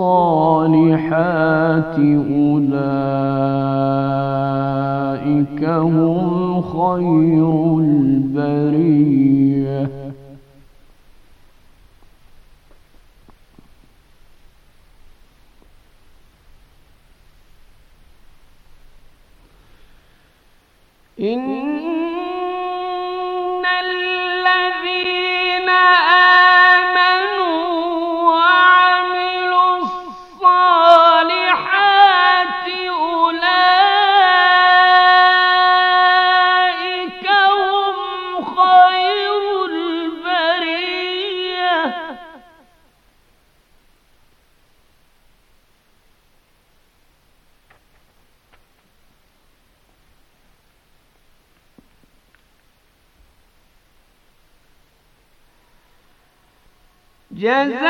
الصالحات أولئك هم خير البريه Oui,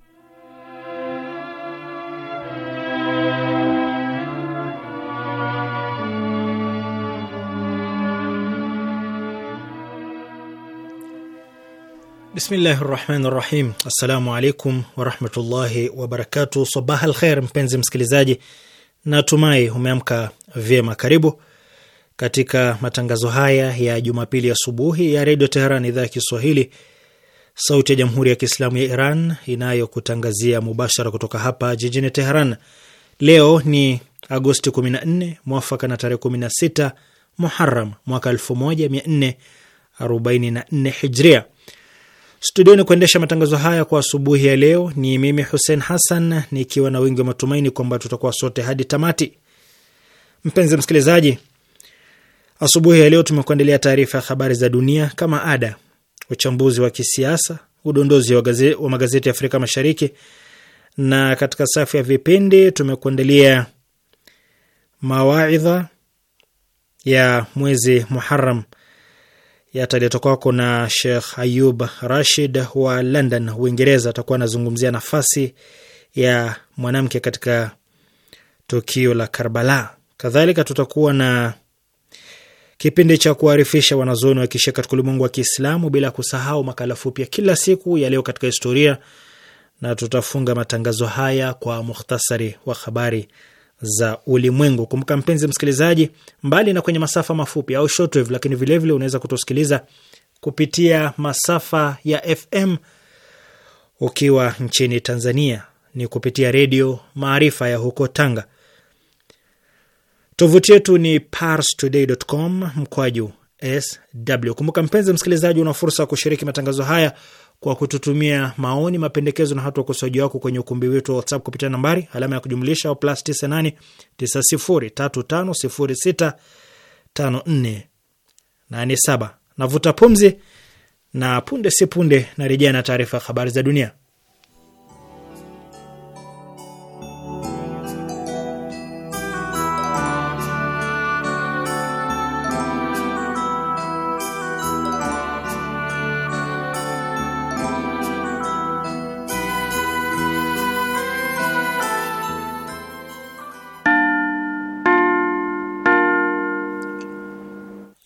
Bismillahi rahmani rahim. Assalamu alaikum warahmatullahi wabarakatu. Sabah al mpenzi msikilizaji, natumai umeamka vyema. Karibu katika matangazo haya ya Jumapili asubuhi ya, ya Redio Teheran, idhaa ya Kiswahili, sauti ya Jamhuri ya Kiislamu ya Iran inayokutangazia mubashara kutoka hapa jijini Teheran. Leo ni Agosti 14 mwafaka na tarehe 16 Muharam mwaka 1444 hijria Studioni kuendesha matangazo haya kwa asubuhi ya leo ni mimi Hussein Hassan, nikiwa na wingi wa matumaini kwamba tutakuwa sote hadi tamati. Mpenzi msikilizaji, asubuhi ya leo tumekuandalia taarifa ya habari za dunia kama ada, uchambuzi wa kisiasa, udondozi wa, gaze, wa magazeti ya Afrika Mashariki, na katika safu ya vipindi tumekuandalia mawaidha ya mwezi muharam yataletwa kwako na Shekh Ayub Rashid wa London, Uingereza. Atakuwa anazungumzia nafasi ya mwanamke katika tukio la Karbala. Kadhalika tutakuwa na kipindi cha kuarifisha wanazuoni wa kishia katika ulimwengu wa Kiislamu, bila kusahau makala fupi ya kila siku ya leo katika historia, na tutafunga matangazo haya kwa mukhtasari wa habari za ulimwengu. Kumbuka mpenzi msikilizaji, mbali na kwenye masafa mafupi au shortwave, lakini vilevile unaweza kutusikiliza kupitia masafa ya FM ukiwa nchini Tanzania ni kupitia Redio Maarifa ya huko Tanga. Tovuti yetu ni parstoday.com mkwaju sw. Kumbuka mpenzi msikilizaji, una fursa ya kushiriki matangazo haya kwa kututumia maoni, mapendekezo na hata ukosoaji wako kwenye ukumbi wetu wa WhatsApp kupitia nambari alama ya kujumlisha au plus 98 Navuta pumzi na punde si punde narejea na taarifa ya habari za dunia.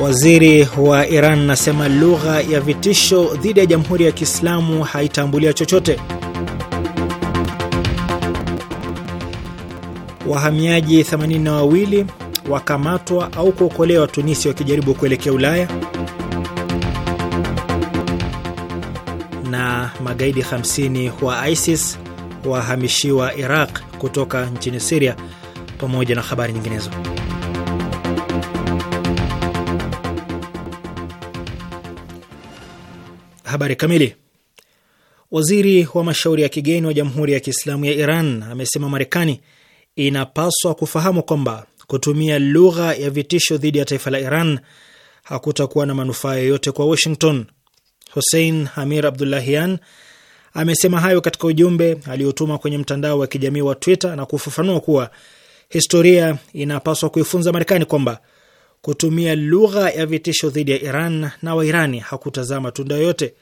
Waziri wa Iran anasema lugha ya vitisho dhidi ya Jamhuri ya Kiislamu haitambulia chochote. Wahamiaji 82 wakamatwa au kuokolewa Tunisia wakijaribu kuelekea Ulaya. Na magaidi 50 wa ISIS wahamishiwa Iraq kutoka nchini Siria, pamoja na habari nyinginezo. Habari kamili. Waziri wa mashauri ya kigeni wa Jamhuri ya Kiislamu ya Iran amesema Marekani inapaswa kufahamu kwamba kutumia lugha ya vitisho dhidi ya taifa la Iran hakutakuwa na manufaa yoyote kwa Washington. Hussein Hamir Abdullahian amesema hayo katika ujumbe aliotuma kwenye mtandao wa kijamii wa Twitter na kufafanua kuwa historia inapaswa kuifunza Marekani kwamba kutumia lugha ya vitisho dhidi ya Iran na Wairani hakutazaa matunda yoyote.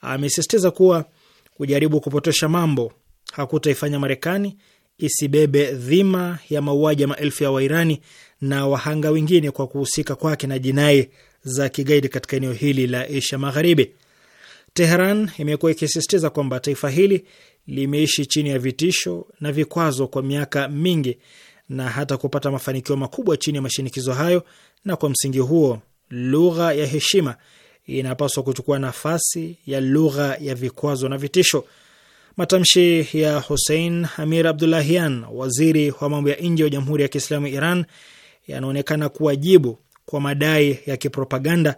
Amesisitiza kuwa kujaribu kupotosha mambo hakutaifanya Marekani isibebe dhima ya mauaji ya maelfu ya Wairani na wahanga wengine kwa kuhusika kwake na jinai za kigaidi katika eneo hili la Asia Magharibi. Teheran imekuwa ikisisitiza kwamba taifa hili limeishi chini ya vitisho na vikwazo kwa miaka mingi na hata kupata mafanikio makubwa chini ya mashinikizo hayo, na kwa msingi huo lugha ya heshima inapaswa kuchukua nafasi ya lugha ya vikwazo na vitisho. Matamshi ya Hussein Amir Abdullahian, waziri wa mambo ya nje wa Jamhuri ya Kiislamu Iran, yanaonekana kuwa jibu kwa madai ya kipropaganda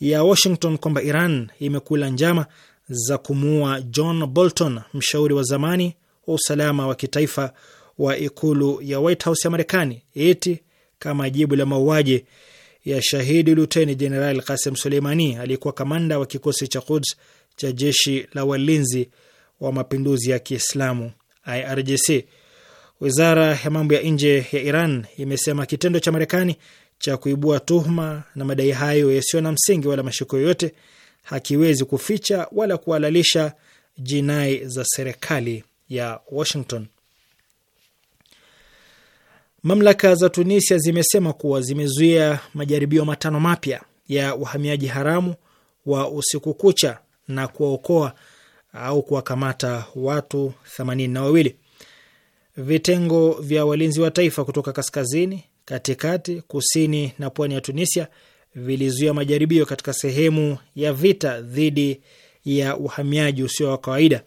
ya Washington kwamba Iran imekula njama za kumuua John Bolton, mshauri wa zamani wa usalama wa kitaifa wa ikulu ya White House ya Marekani eti kama jibu la mauaji ya shahidi luteni jenerali Kasem Suleimani aliyekuwa kamanda wa kikosi cha Quds cha jeshi la walinzi wa mapinduzi ya Kiislamu IRGC. Wizara ya mambo ya nje ya Iran imesema kitendo cha Marekani cha kuibua tuhuma na madai hayo yasiyo na msingi wala mashiko yoyote hakiwezi kuficha wala kuhalalisha jinai za serikali ya Washington. Mamlaka za Tunisia zimesema kuwa zimezuia majaribio matano mapya ya uhamiaji haramu wa usiku kucha na kuwaokoa au kuwakamata watu themanini na wawili. Vitengo vya walinzi wa taifa kutoka kaskazini, katikati, kusini na pwani ya Tunisia vilizuia majaribio katika sehemu ya vita dhidi ya uhamiaji usio wa kawaida.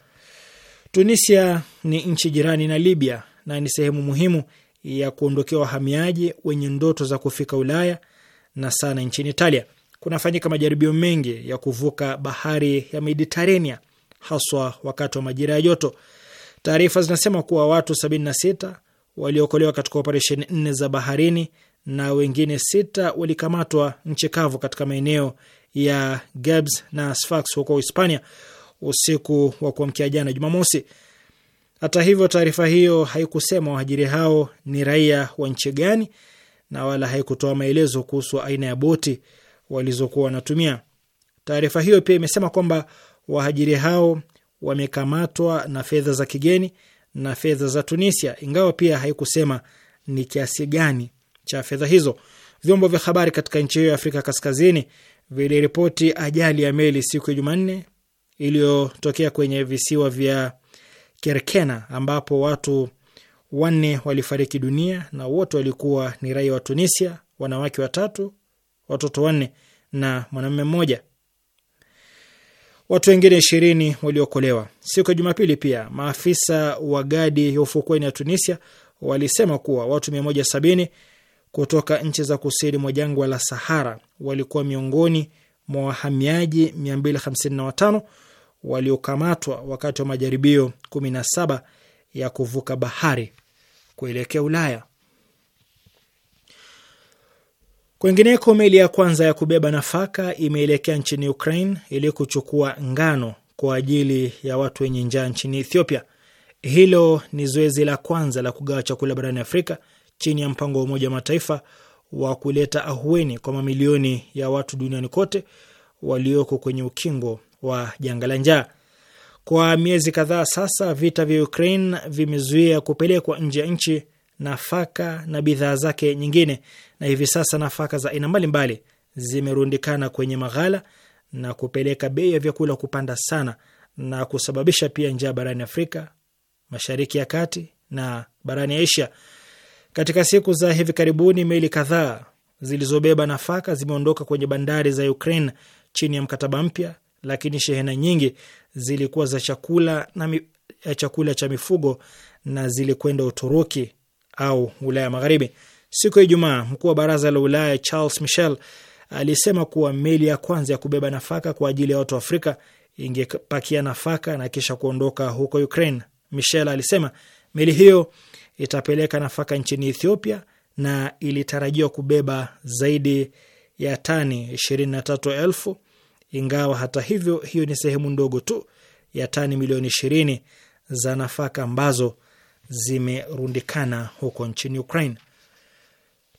Tunisia ni nchi jirani na Libya na ni sehemu muhimu ya kuondokea wahamiaji wenye ndoto za kufika Ulaya na sana nchini Italia. Kunafanyika majaribio mengi ya kuvuka bahari ya Mediterania, haswa wakati wa majira ya joto. Taarifa zinasema kuwa watu 76 waliokolewa katika operesheni nne za baharini na wengine sita walikamatwa nchi kavu katika maeneo ya Gabs na Sfax huko Hispania usiku wa kuamkia jana Jumamosi. Hata hivyo, taarifa hiyo haikusema wahajiri hao ni raia wa nchi gani na wala haikutoa maelezo kuhusu aina ya boti walizokuwa wanatumia. Taarifa hiyo pia imesema kwamba wahajiri hao wamekamatwa na fedha za kigeni na fedha za Tunisia, ingawa pia haikusema ni kiasi gani cha fedha hizo. Vyombo vya habari katika nchi hiyo ya Afrika Kaskazini viliripoti ajali ya meli siku ya Jumanne iliyotokea kwenye visiwa vya Kerkena ambapo watu wanne walifariki dunia na wote walikuwa ni raia wa Tunisia, wanawake watatu, watoto wanne na mwanamume mmoja. Watu wengine ishirini waliokolewa. Siku ya Jumapili pia maafisa wa gadi ya ufukweni ya Tunisia walisema kuwa watu sabini kutoka nchi za kusini mwa jangwa la Sahara walikuwa miongoni mwa wahamiaji watano waliokamatwa wakati wa majaribio 17 ya kuvuka bahari kuelekea Ulaya. Kwengineko, meli ya kwanza ya kubeba nafaka imeelekea nchini Ukraine ili kuchukua ngano kwa ajili ya watu wenye njaa nchini Ethiopia. Hilo ni zoezi la kwanza la kugawa chakula barani Afrika chini ya mpango wa Umoja wa Mataifa wa kuleta ahueni kwa mamilioni ya watu duniani kote walioko kwenye ukingo wa janga la njaa. Kwa miezi kadhaa sasa, vita vya Ukraine vimezuia kupelekwa nje ya nchi nafaka na bidhaa zake nyingine, na hivi sasa nafaka za aina mbalimbali zimerundikana kwenye maghala na kupeleka bei ya vyakula kupanda sana na kusababisha pia njaa barani Afrika, Mashariki ya Kati na barani Asia. Katika siku za hivi karibuni, meli kadhaa zilizobeba nafaka zimeondoka kwenye bandari za Ukraine chini ya mkataba mpya lakini shehena nyingi zilikuwa za chakula na eh, chakula cha mifugo na zilikwenda Uturuki au Ulaya Magharibi. Siku ya Ijumaa, mkuu wa baraza la Ulaya Charles Michel alisema kuwa meli ya kwanza ya kubeba nafaka kwa ajili ya watu wa Afrika ingepakia nafaka na kisha kuondoka huko Ukraine. Michel alisema meli hiyo itapeleka nafaka nchini Ethiopia na ilitarajiwa kubeba zaidi ya tani ishirini na tatu ingawa hata hivyo hiyo ni sehemu ndogo tu ya tani milioni ishirini za nafaka ambazo zimerundikana huko nchini Ukraine.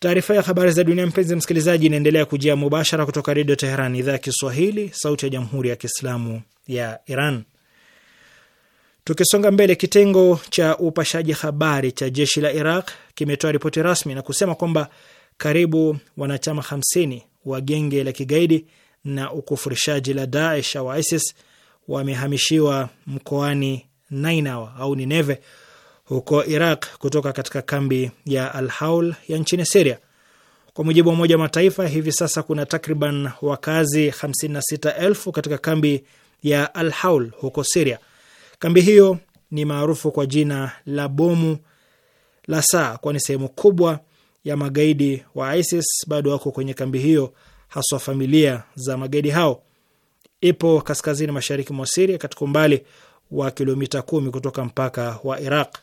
Taarifa ya habari za dunia, mpenzi msikilizaji, inaendelea kujia mubashara kutoka Redio Teheran, idhaa ya Kiswahili, sauti ya Jamhuri ya Kiislamu ya Iran. Tukisonga mbele, kitengo cha upashaji habari cha jeshi la Iraq kimetoa ripoti rasmi na kusema kwamba karibu wanachama 50 wa genge la kigaidi na ukufurishaji la Daesh au ISIS wamehamishiwa mkoani Nainawa au Nineve huko Iraq kutoka katika kambi ya Al Haul ya nchini Siria. Kwa mujibu wa Umoja wa Mataifa, hivi sasa kuna takriban wakazi 56,000 katika kambi ya Al Haul huko Siria. Kambi hiyo ni maarufu kwa jina la bomu la saa, kwani sehemu kubwa ya magaidi wa ISIS bado wako kwenye kambi hiyo haswa familia za magaidi hao. Ipo kaskazini mashariki mwa Siria katika umbali wa kilomita kumi kutoka mpaka wa Iraq.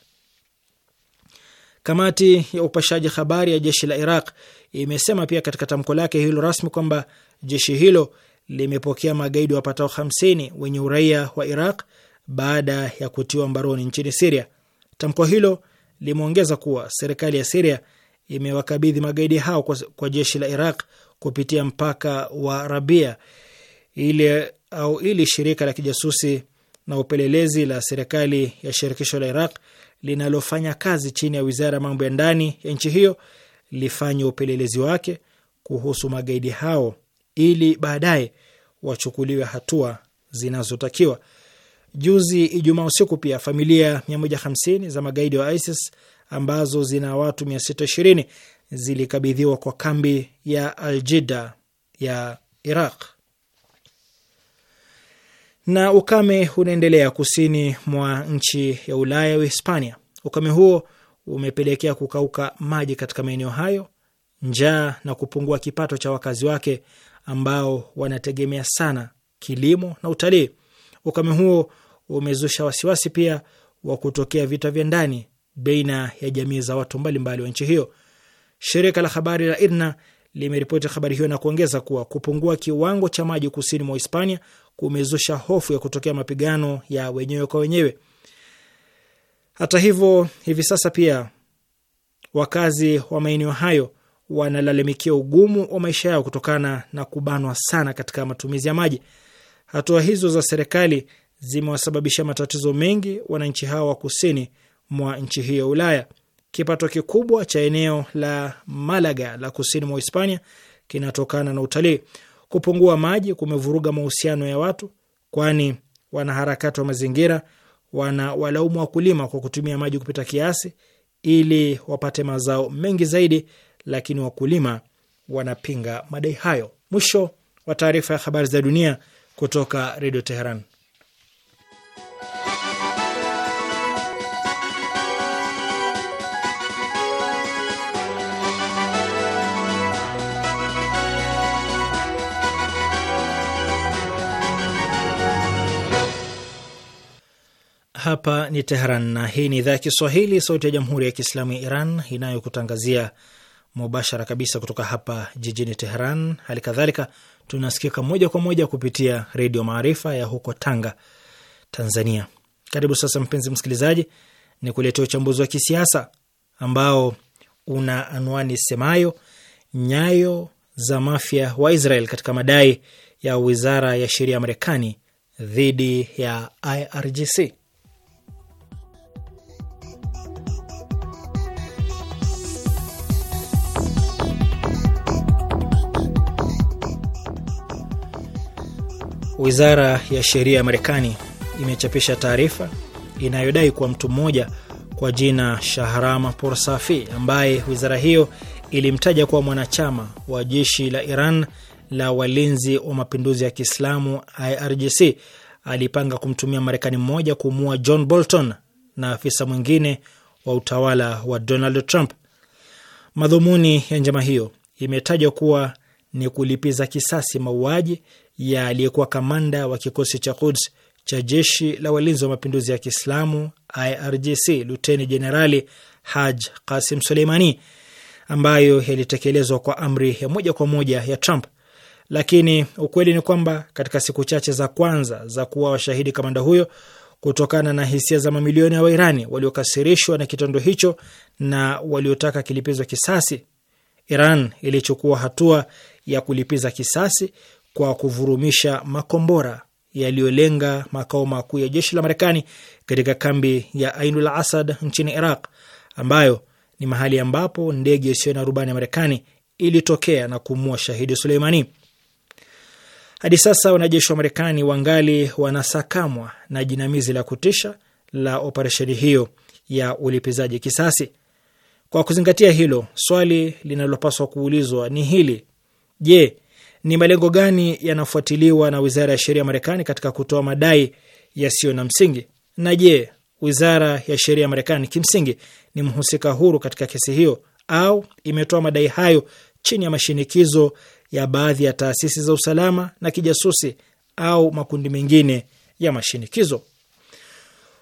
Kamati ya upashaji habari ya jeshi la Iraq imesema pia katika tamko lake hilo rasmi kwamba jeshi hilo limepokea magaidi wapatao 50 wenye uraia wa Iraq baada ya kutiwa mbaroni nchini Siria. Tamko hilo limeongeza kuwa serikali ya Siria imewakabidhi magaidi hao kwa, kwa jeshi la Iraq kupitia mpaka wa Rabia ili au ili shirika la kijasusi na upelelezi la serikali ya shirikisho la Iraq linalofanya kazi chini ya wizara ya mambo ya ndani ya nchi hiyo lifanye upelelezi wake kuhusu magaidi hao ili baadaye wachukuliwe hatua zinazotakiwa. Juzi Ijumaa usiku pia familia 150 za magaidi wa ISIS ambazo zina watu zilikabidhiwa kwa kambi ya Aljida ya Iraq. Na ukame unaendelea kusini mwa nchi ya Ulaya, Uhispania. Ukame huo umepelekea kukauka maji katika maeneo hayo, njaa na kupungua kipato cha wakazi wake ambao wanategemea sana kilimo na utalii. Ukame huo umezusha wasiwasi pia wa kutokea vita vya ndani baina ya jamii za watu mbalimbali wa nchi hiyo. Shirika la habari la IRNA limeripoti habari hiyo na kuongeza kuwa kupungua kiwango cha maji kusini mwa Hispania kumezusha hofu ya kutokea mapigano ya wenyewe kwa wenyewe. Hata hivyo, hivi sasa pia wakazi wa maeneo hayo wanalalamikia ugumu wa maisha yao kutokana na kubanwa sana katika matumizi ya maji. Hatua hizo za serikali zimewasababisha matatizo mengi wananchi hao wa kusini mwa nchi hiyo Ulaya. Kipato kikubwa cha eneo la Malaga la kusini mwa Hispania kinatokana na utalii. Kupungua maji kumevuruga mahusiano ya watu, kwani wanaharakati wa mazingira wana walaumu wakulima kwa kutumia maji kupita kiasi ili wapate mazao mengi zaidi, lakini wakulima wanapinga madai hayo. Mwisho wa taarifa ya habari za dunia kutoka Redio Teheran. Hapa ni Teheran na hii ni idhaa ya Kiswahili, sauti ya jamhuri ya kiislamu ya Iran inayokutangazia mubashara kabisa kutoka hapa jijini Teheran. Hali kadhalika tunasikika moja kwa moja kupitia Redio Maarifa ya huko Tanga, Tanzania. Karibu sasa, mpenzi msikilizaji, ni kuletea uchambuzi wa kisiasa ambao una anwani semayo nyayo za mafya wa Israel katika madai ya wizara ya sheria ya Marekani dhidi ya IRGC. Wizara ya sheria ya Marekani imechapisha taarifa inayodai kuwa mtu mmoja kwa jina Shahrama Porsafi ambaye wizara hiyo ilimtaja kuwa mwanachama wa jeshi la Iran la walinzi wa mapinduzi ya Kiislamu, IRGC, alipanga kumtumia Marekani mmoja kumua John Bolton na afisa mwingine wa utawala wa Donald Trump. Madhumuni ya njama hiyo imetajwa kuwa ni kulipiza kisasi mauaji ya aliyekuwa kamanda wa kikosi cha Quds cha jeshi la walinzi wa mapinduzi ya Kiislamu IRGC Luteni Jenerali Haj Qasim Suleimani, ambayo yalitekelezwa kwa amri ya moja kwa moja ya Trump. Lakini ukweli ni kwamba katika siku chache za kwanza za kuwa washahidi kamanda huyo, kutokana na hisia za mamilioni ya Wairani waliokasirishwa na kitendo hicho na waliotaka kilipizwa kisasi, Iran ilichukua hatua ya kulipiza kisasi kwa kuvurumisha makombora yaliyolenga makao makuu ya jeshi la Marekani katika kambi ya Ainul Asad nchini Iraq, ambayo ni mahali ambapo ndege isiyo na rubani ya Marekani ilitokea na kumua shahidi Suleimani. Hadi sasa wanajeshi wa Marekani wangali wanasakamwa na jinamizi la kutisha la operesheni hiyo ya ulipizaji kisasi. Kwa kuzingatia hilo, swali linalopaswa kuulizwa ni hili: Je, ni malengo gani yanafuatiliwa na wizara ya sheria ya Marekani katika kutoa madai yasiyo na msingi? Na je, wizara ya sheria ya Marekani kimsingi ni mhusika huru katika kesi hiyo au imetoa madai hayo chini ya mashinikizo ya baadhi ya taasisi za usalama na kijasusi au makundi mengine ya mashinikizo?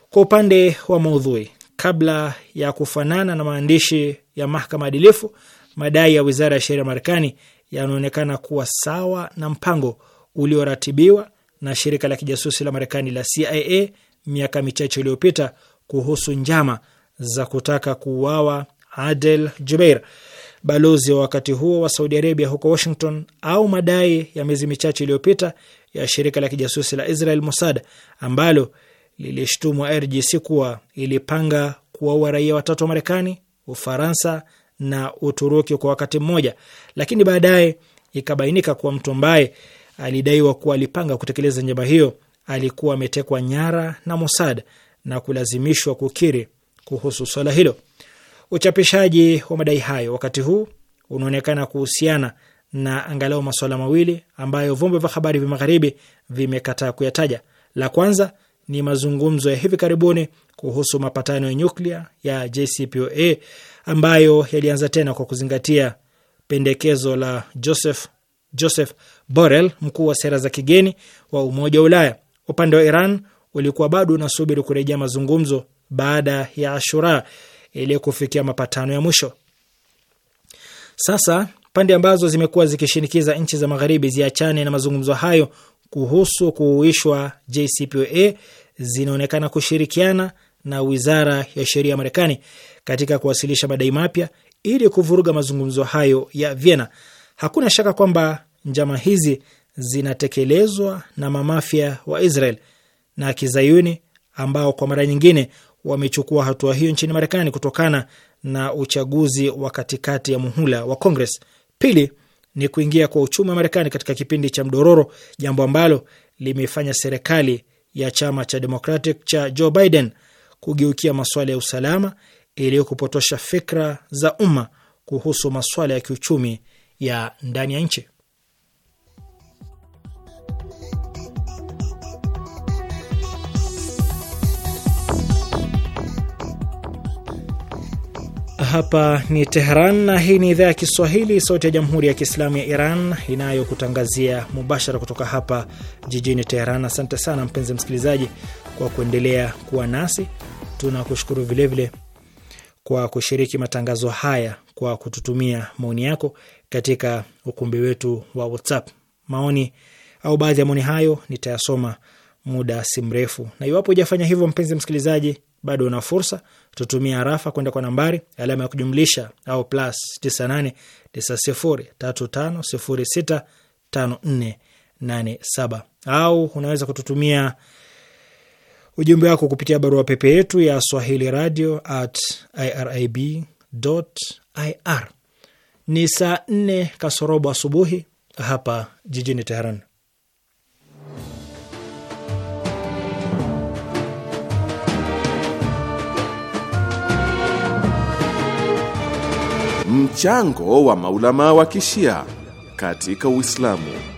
Kwa upande wa maudhui, kabla ya kufanana na maandishi ya mahakama adilifu, madai ya wizara ya sheria ya Marekani yanaonekana kuwa sawa na mpango ulioratibiwa na shirika la kijasusi la Marekani la CIA miaka michache iliyopita kuhusu njama za kutaka kuuawa Adel Jubeir, balozi wa wakati huo wa Saudi Arabia huko Washington, au madai ya miezi michache iliyopita ya shirika la kijasusi la Israel Mossad ambalo lilishtumwa RGC kuwa ilipanga kuwaua raia watatu wa Marekani, Ufaransa na Uturuki kwa wakati mmoja, lakini baadaye ikabainika kuwa mtu ambaye alidaiwa kuwa alipanga kutekeleza njama hiyo alikuwa ametekwa nyara na Mossad na kulazimishwa kukiri kuhusu swala hilo. Uchapishaji wa madai hayo wakati huu unaonekana kuhusiana na angalau masuala mawili ambayo vyombo vya habari vya magharibi vimekataa kuyataja. La kwanza ni mazungumzo ya hivi karibuni kuhusu mapatano ya nyuklia ya JCPOA ambayo yalianza tena kwa kuzingatia pendekezo la Joseph, Joseph Borrell, mkuu wa sera za kigeni wa Umoja wa Ulaya. Upande wa Iran ulikuwa bado unasubiri kurejea mazungumzo baada ya Ashura ili kufikia mapatano ya mwisho. Sasa pande ambazo zimekuwa zikishinikiza nchi za magharibi ziachane na mazungumzo hayo kuhusu kuhuishwa JCPOA zinaonekana kushirikiana na wizara ya sheria ya Marekani katika kuwasilisha madai mapya ili kuvuruga mazungumzo hayo ya Vienna. Hakuna shaka kwamba njama hizi zinatekelezwa na mamafia wa Israel na kizayuni ambao kwa mara nyingine wamechukua hatua hiyo nchini Marekani kutokana na uchaguzi wa katikati ya muhula wa Congress. Pili ni kuingia kwa uchumi wa Marekani katika kipindi cha mdororo, jambo ambalo limefanya serikali ya chama cha Democratic cha Joe Biden kugeukia masuala ya usalama ili kupotosha fikra za umma kuhusu masuala ya kiuchumi ya ndani ya nchi. Hapa ni Teheran na hii ni idhaa ya Kiswahili, sauti ya jamhuri ya kiislamu ya Iran inayokutangazia mubashara kutoka hapa jijini Teheran. Asante sana mpenzi msikilizaji kwa kuendelea kuwa nasi Tunakushukuru vilevile kwa kushiriki matangazo haya kwa kututumia maoni yako katika ukumbi wetu wa WhatsApp. Maoni au baadhi ya maoni hayo nitayasoma muda si mrefu, na iwapo hujafanya hivyo, mpenzi msikilizaji, bado una fursa. Tutumia arafa kwenda kwa nambari alama ya kujumlisha au plus 989035065487 au unaweza kututumia ujumbe wako kupitia barua pepe yetu ya swahili radio at irib ir. Ni saa nne kasorobo asubuhi hapa jijini Teheran. Mchango wa maulama wa kishia katika Uislamu.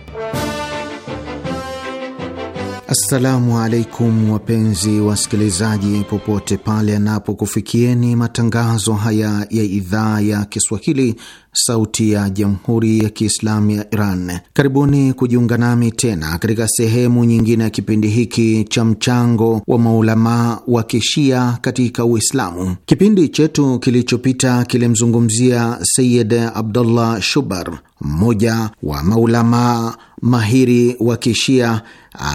Assalamu alaikum wapenzi wasikilizaji, popote pale anapokufikieni matangazo haya ya idhaa ya Kiswahili sauti ya jamhuri ya kiislamu ya Iran. Karibuni kujiunga nami tena katika sehemu nyingine ya kipindi hiki cha mchango wa maulamaa wa kishia katika Uislamu. Kipindi chetu kilichopita kilimzungumzia Sayid Abdullah Shubar, mmoja wa maulamaa mahiri wa kishia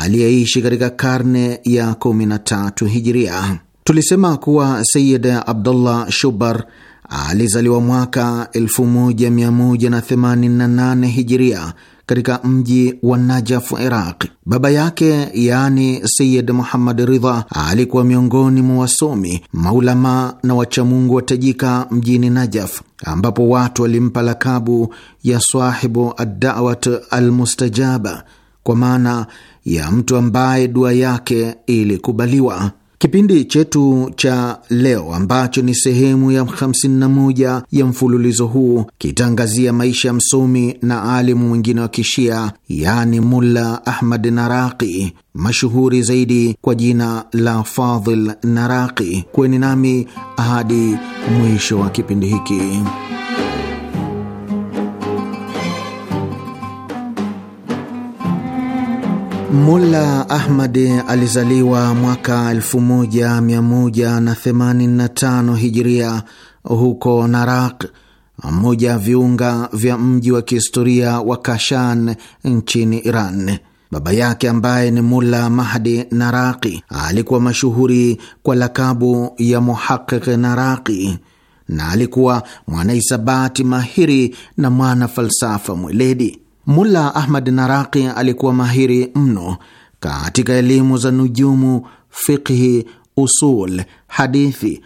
aliyeishi katika karne ya 13 hijiria. Tulisema kuwa Sayid Abdullah Shubar Alizaliwa mwaka 1188 hijiria katika mji wa Najaf, Iraq. Baba yake yaani Sayid Muhammad Ridha alikuwa miongoni mwa wasomi, maulama na wachamungu watajika mjini Najaf, ambapo watu walimpa lakabu ya Swahibu Addawat Almustajaba, kwa maana ya mtu ambaye dua yake ilikubaliwa. Kipindi chetu cha leo ambacho ni sehemu ya 51 ya mfululizo huu kitaangazia maisha ya msomi na alimu mwingine wa Kishia, yaani Mulla Ahmad Naraqi, mashuhuri zaidi kwa jina la Fadhil Naraqi. Kuweni nami hadi mwisho wa kipindi hiki. Mulla Ahmadi alizaliwa mwaka 1185 Hijiria huko Naraq, mmoja ya viunga vya mji wa kihistoria wa Kashan nchini Iran. Baba yake ambaye ni Mulla Mahdi Naraqi alikuwa mashuhuri kwa lakabu ya Muhaqiq Naraqi na alikuwa mwanahisabati mahiri na mwana falsafa mweledi. Mulla Ahmad Naraqi alikuwa mahiri mno katika elimu za nujumu, fiqhi, usul, hadithi,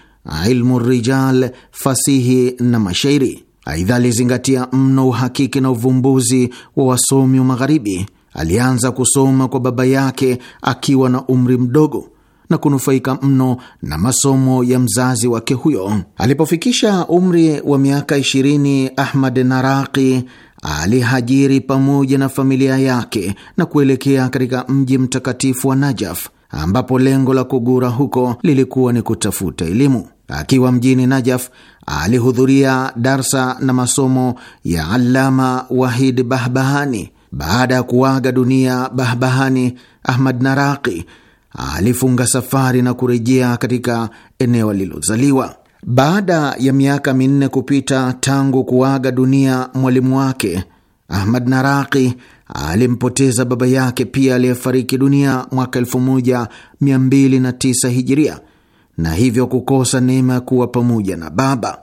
ilmu rijal, fasihi na mashairi. Aidha, alizingatia mno uhakiki na uvumbuzi wa wasomi wa Magharibi. Alianza kusoma kwa baba yake akiwa na umri mdogo na kunufaika mno na masomo ya mzazi wake huyo. Alipofikisha umri wa miaka ishirini, Ahmad Naraqi alihajiri pamoja na familia yake na kuelekea katika mji mtakatifu wa Najaf ambapo lengo la kugura huko lilikuwa ni kutafuta elimu. Akiwa mjini Najaf alihudhuria darsa na masomo ya Allama Wahid Bahbahani. Baada ya kuaga dunia Bahbahani, Ahmad Naraqi alifunga safari na kurejea katika eneo alilozaliwa. Baada ya miaka minne kupita tangu kuaga dunia mwalimu wake, Ahmad Naraki alimpoteza baba yake pia aliyefariki dunia mwaka 1209 Hijiria, na hivyo kukosa neema ya kuwa pamoja na baba.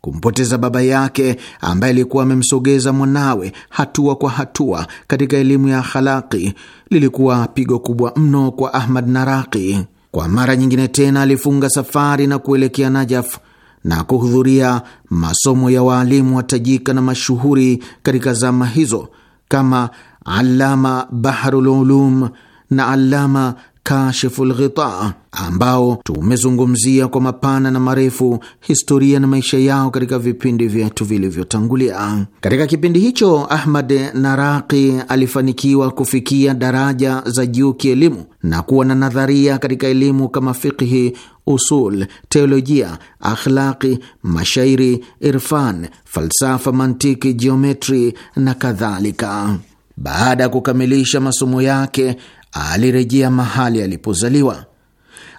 Kumpoteza baba yake ambaye alikuwa amemsogeza mwanawe hatua kwa hatua katika elimu ya khalaki lilikuwa pigo kubwa mno kwa Ahmad Naraki. Kwa mara nyingine tena alifunga safari na kuelekea Najaf na kuhudhuria masomo ya waalimu watajika na mashuhuri katika zama hizo kama Allama Baharululum na Allama Kashiful Ghita ambao tumezungumzia kwa mapana na marefu historia na maisha yao katika vipindi vyetu vilivyotangulia. Katika kipindi hicho, Ahmad Naraqi alifanikiwa kufikia daraja za juu kielimu na kuwa na nadharia katika elimu kama fiqhi, usul, teolojia, akhlaqi, mashairi, irfan, falsafa, mantiki, geometri na kadhalika. Baada ya kukamilisha masomo yake alirejea mahali alipozaliwa.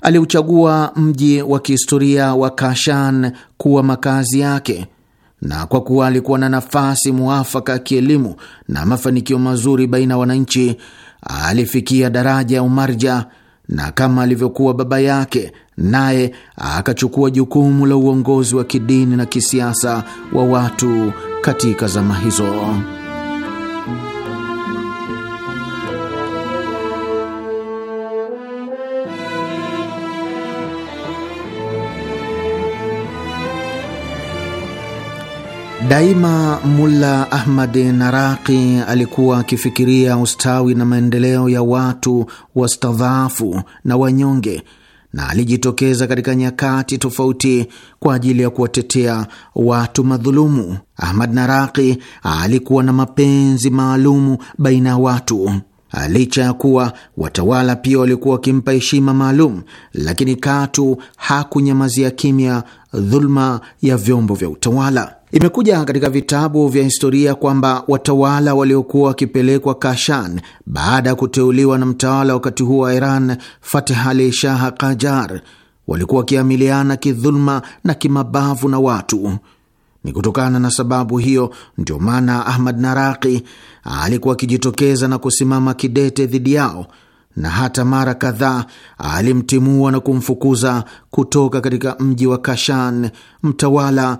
Aliuchagua mji wa kihistoria wa Kashan kuwa makazi yake, na kwa kuwa alikuwa na nafasi muafaka ya kielimu na mafanikio mazuri baina ya wananchi, alifikia daraja ya umarja, na kama alivyokuwa baba yake, naye akachukua jukumu la uongozi wa kidini na kisiasa wa watu katika zama hizo. Daima Mulla ahmad Naraqi alikuwa akifikiria ustawi na maendeleo ya watu wastadhaafu na wanyonge, na alijitokeza katika nyakati tofauti kwa ajili ya kuwatetea watu madhulumu. Ahmad Naraqi alikuwa na mapenzi maalumu baina ya watu licha ya kuwa watawala pia walikuwa wakimpa heshima maalum, lakini katu hakunyamazia kimya dhuluma ya vyombo vya utawala. Imekuja katika vitabu vya historia kwamba watawala waliokuwa wakipelekwa Kashan baada ya kuteuliwa na mtawala wakati huo wa Iran Fatih Ali Shah Kajar walikuwa wakiamiliana kidhuluma na kimabavu na watu. Ni kutokana na sababu hiyo ndio maana Ahmad Naraki alikuwa akijitokeza na kusimama kidete dhidi yao na hata mara kadhaa alimtimua na kumfukuza kutoka katika mji wa Kashan mtawala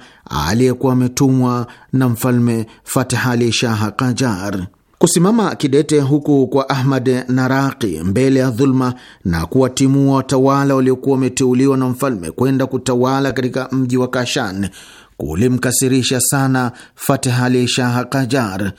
aliyekuwa ametumwa na mfalme Fatih Ali Shah Kajar. Kusimama kidete huku kwa Ahmad Naraki mbele ya dhuluma na kuwatimua watawala waliokuwa wameteuliwa na mfalme kwenda kutawala katika mji wa Kashan kulimkasirisha sana Fatih Ali Shah Kajar.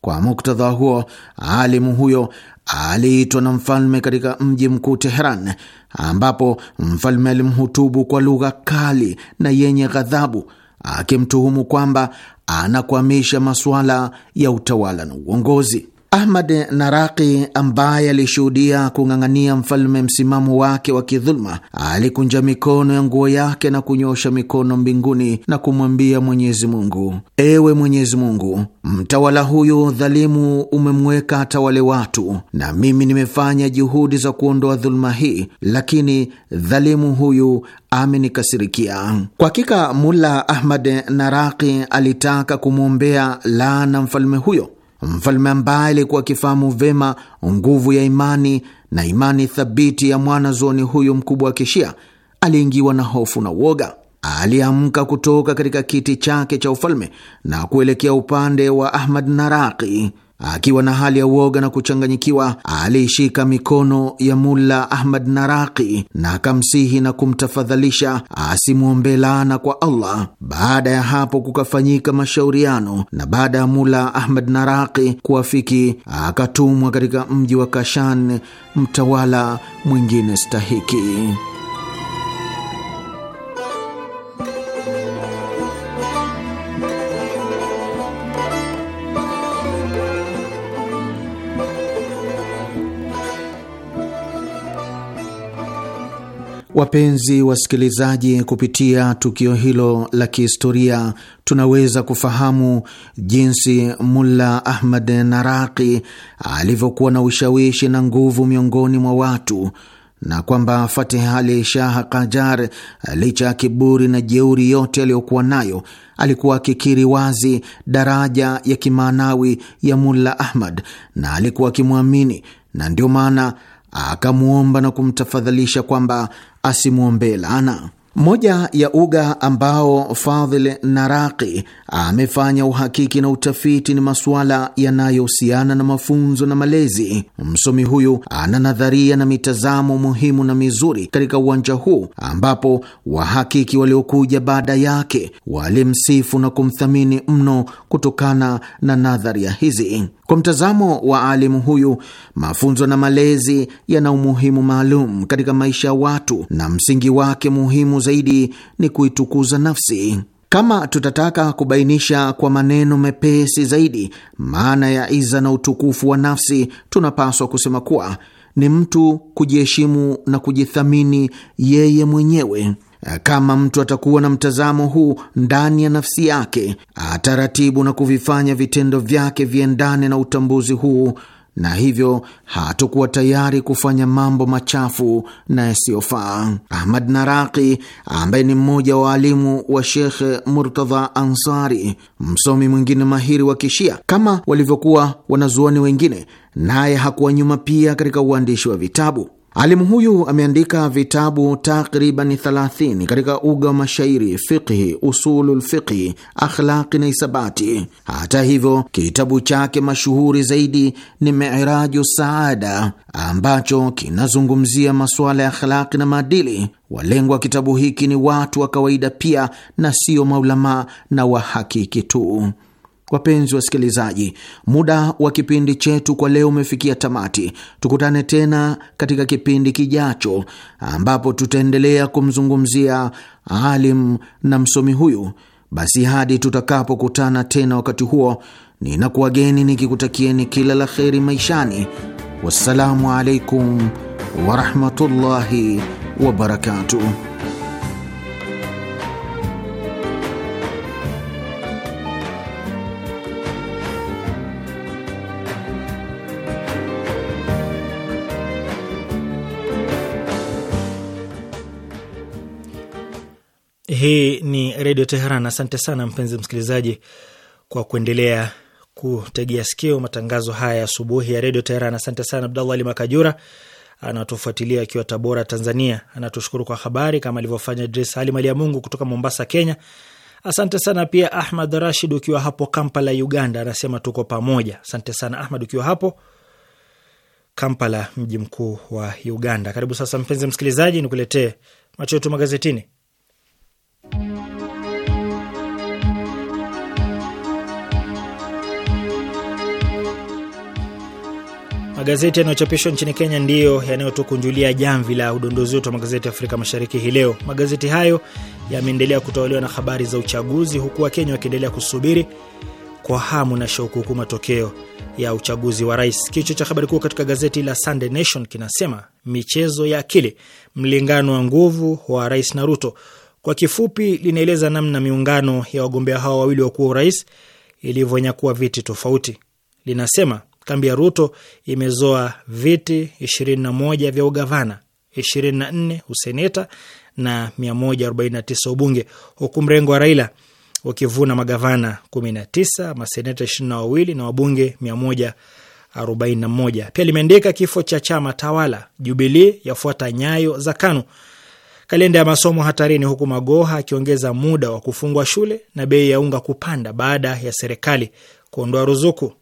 Kwa muktadha huo, alimu huyo aliitwa na mfalme katika mji mkuu Teheran, ambapo mfalme alimhutubu kwa lugha kali na yenye ghadhabu, akimtuhumu kwamba anakwamisha masuala ya utawala na uongozi. Ahmad Naraki ambaye alishuhudia kung'ang'ania mfalme msimamo wake wa kidhuluma, alikunja mikono ya nguo yake na kunyosha mikono mbinguni na kumwambia Mwenyezi Mungu, ewe Mwenyezi Mungu, mtawala huyu dhalimu umemweka atawale watu, na mimi nimefanya juhudi za kuondoa dhuluma hii, lakini dhalimu huyu amenikasirikia. Kwa hakika Mulla Ahmad Naraki alitaka kumwombea laana mfalme huyo mfalme ambaye alikuwa akifahamu vema nguvu ya imani na imani thabiti ya mwana zoni huyu mkubwa wa Kishia aliingiwa na hofu na uoga. Aliamka kutoka katika kiti chake cha ufalme na kuelekea upande wa Ahmad naraki Akiwa na hali ya uoga na kuchanganyikiwa, aliishika mikono ya Mulla Ahmad Naraki na akamsihi na kumtafadhalisha asimwombe laana kwa Allah. Baada ya hapo kukafanyika mashauriano, na baada ya Mulla Ahmad Naraki kuwafiki, akatumwa katika mji wa Kashan mtawala mwingine stahiki. Wapenzi wasikilizaji, kupitia tukio hilo la kihistoria tunaweza kufahamu jinsi Mulla Ahmad Naraqi alivyokuwa na ushawishi na nguvu miongoni mwa watu na kwamba Fatih Ali Shah Kajar, licha ya kiburi na jeuri yote aliyokuwa nayo, alikuwa akikiri wazi daraja ya kimaanawi ya Mulla Ahmad na alikuwa akimwamini, na ndio maana akamwomba na kumtafadhalisha kwamba asimwombee laana. Moja ya uga ambao Fadhil Naraqi amefanya uhakiki na utafiti ni masuala yanayohusiana na mafunzo na malezi. Msomi huyu ana nadharia na mitazamo muhimu na mizuri katika uwanja huu, ambapo wahakiki waliokuja baada yake walimsifu na kumthamini mno kutokana na nadharia hizi. Kwa mtazamo wa alimu huyu, mafunzo na malezi yana umuhimu maalum katika maisha ya watu, na msingi wake muhimu zaidi ni kuitukuza nafsi. Kama tutataka kubainisha kwa maneno mepesi zaidi maana ya iza na utukufu wa nafsi, tunapaswa kusema kuwa ni mtu kujiheshimu na kujithamini yeye mwenyewe. Eh, kama mtu atakuwa na mtazamo huu ndani ya nafsi yake, ataratibu na kuvifanya vitendo vyake viendane na utambuzi huu, na hivyo hatokuwa tayari kufanya mambo machafu na yasiyofaa. Ahmad Naraqi, ambaye ni mmoja wa waalimu wa Shekh Murtadha Ansari, msomi mwingine mahiri wa Kishia kama walivyokuwa wanazuoni wengine, naye hakuwa nyuma pia katika uandishi wa vitabu. Alimu huyu ameandika vitabu takriban 30 katika uga wa mashairi, fiqhi, usulul fiqhi, akhlaqi na isabati. Hata hivyo, kitabu chake mashuhuri zaidi ni Miraju Saada ambacho kinazungumzia masuala ya akhlaqi na maadili. Walengwa kitabu hiki ni watu wa kawaida pia na sio maulamaa na wahakiki tu. Wapenzi wasikilizaji, muda wa kipindi chetu kwa leo umefikia tamati. Tukutane tena katika kipindi kijacho, ambapo tutaendelea kumzungumzia alim na msomi huyu. Basi hadi tutakapokutana tena, wakati huo ninakuwageni nikikutakieni kila la kheri maishani. Wassalamu alaikum warahmatullahi wabarakatuh. Hii ni Redio Teheran. Asante sana mpenzi msikilizaji kwa kuendelea kutegea sikio matangazo haya ya asubuhi ya Redio Teheran. Asante sana Abdallah Ali Makajura anatufuatilia akiwa Tabora, Tanzania. Anatushukuru kwa habari kama alivyofanya Idris Ali Mali ya Mungu kutoka Mombasa, Kenya. Asante sana pia Ahmad Rashid ukiwa hapo Kampala, Uganda, anasema tuko pamoja. Asante sana Ahmad ukiwa hapo Kampala, mji mkuu wa Uganda. Karibu sasa, mpenzi msikilizaji, nikuletee macho yetu magazetini. Magazeti yanayochapishwa nchini Kenya ndiyo yanayotukunjulia jamvi la udondozi wetu wa magazeti ya Afrika Mashariki hii leo. Magazeti hayo yameendelea kutawaliwa na habari za uchaguzi, huku Wakenya wakiendelea kusubiri kwa hamu na shauku kuu matokeo ya uchaguzi wa rais. Kichwa cha habari kuu katika gazeti la Sunday Nation kinasema michezo ya akili, mlingano wa nguvu wa rais na Ruto. Kwa kifupi, linaeleza namna miungano ya wagombea hao wawili wakuu wa urais ilivyonyakua viti tofauti. Linasema Kambi ya Ruto imezoa viti 21 vya ugavana, 24 useneta na 149 ubunge, huku mrengo wa Raila ukivuna magavana 19, maseneta 22 na wabunge 141. Pia limeandika kifo cha chama tawala, Jubilii yafuata nyayo za KANU, kalenda ya masomo hatarini, huku Magoha akiongeza muda wa kufungwa shule na bei ya unga kupanda baada ya serikali kuondoa ruzuku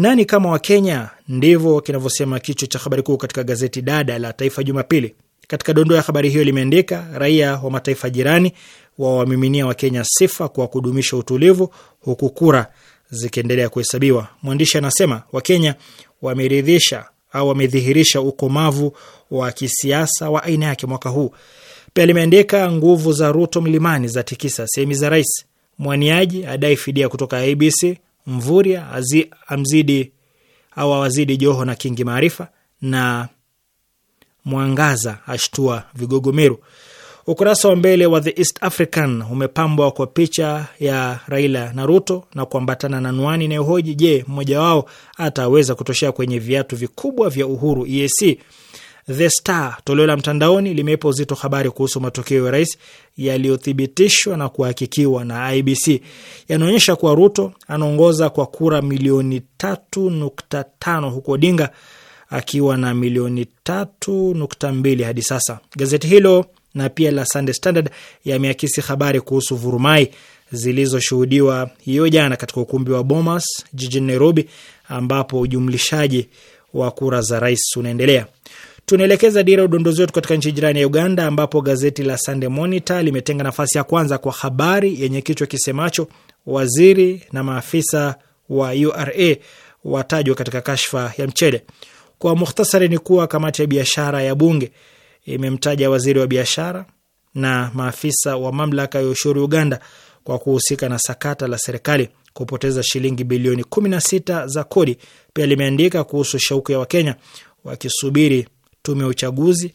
nani kama Wakenya? Ndivyo kinavyosema kichwa cha habari kuu katika gazeti dada la Taifa Jumapili. Katika dondoo ya habari hiyo limeandika raia wa mataifa jirani wawamiminia Wakenya sifa kwa kudumisha utulivu huku kura zikiendelea kuhesabiwa. Mwandishi anasema Wakenya wameridhisha au wamedhihirisha ukomavu wa kisiasa wa aina yake mwaka huu. Pia limeandika nguvu za Ruto mlimani za tikisa sehemi za rais, mwaniaji adai fidia kutoka ABC Mvurya amzidi au awazidi Joho na Kingi Maarifa, na Mwangaza ashtua vigogo Meru. Ukurasa wa mbele wa The East African umepambwa kwa picha ya Raila na Ruto na kuambatana na nwani inayohoji je, mmoja wao ataweza kutoshea kwenye viatu vikubwa vya uhuru EAC? The Star toleo la mtandaoni limeipa uzito habari kuhusu matokeo ya rais yaliyothibitishwa na kuhakikiwa na IBC yanaonyesha kuwa Ruto anaongoza kwa kura milioni 3.5 huku Odinga akiwa na milioni 3.2 hadi sasa. Gazeti hilo na pia la Sunday Standard yameakisi habari kuhusu vurumai zilizoshuhudiwa hiyo jana katika ukumbi wa Bomas jijini Nairobi, ambapo ujumlishaji wa kura za rais unaendelea. Tunaelekeza dira udondozi wetu katika nchi jirani ya Uganda, ambapo gazeti la Sunday Monitor limetenga nafasi ya kwanza kwa habari yenye kichwa kisemacho waziri na maafisa wa URA watajwa katika kashfa ya mchele. Kwa mukhtasari, ni kuwa kamati ya biashara ya bunge imemtaja waziri wa biashara na maafisa wa mamlaka ya ushuru Uganda kwa kuhusika na sakata la serikali kupoteza shilingi bilioni 16 za kodi. Pia limeandika kuhusu shauku ya Wakenya wakisubiri tume ya uchaguzi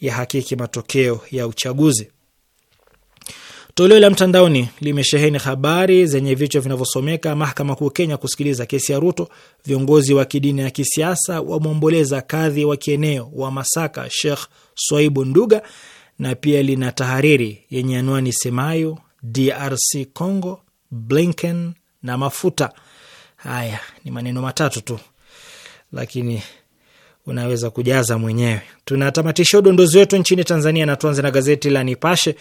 ya hakiki matokeo ya uchaguzi. Toleo la mtandaoni limesheheni habari zenye vichwa vinavyosomeka: mahakama kuu Kenya kusikiliza kesi ya Ruto, viongozi wa kidini na kisiasa wamwomboleza kadhi wa kieneo wa Masaka shekh Swaibu Nduga, na pia lina tahariri yenye anwani semayo DRC Congo, Blinken na mafuta. Haya ni maneno matatu tu, lakini unaweza kujaza mwenyewe. Tunatamatisha udondozi wetu nchini Tanzania na tuanze na gazeti la Nipashe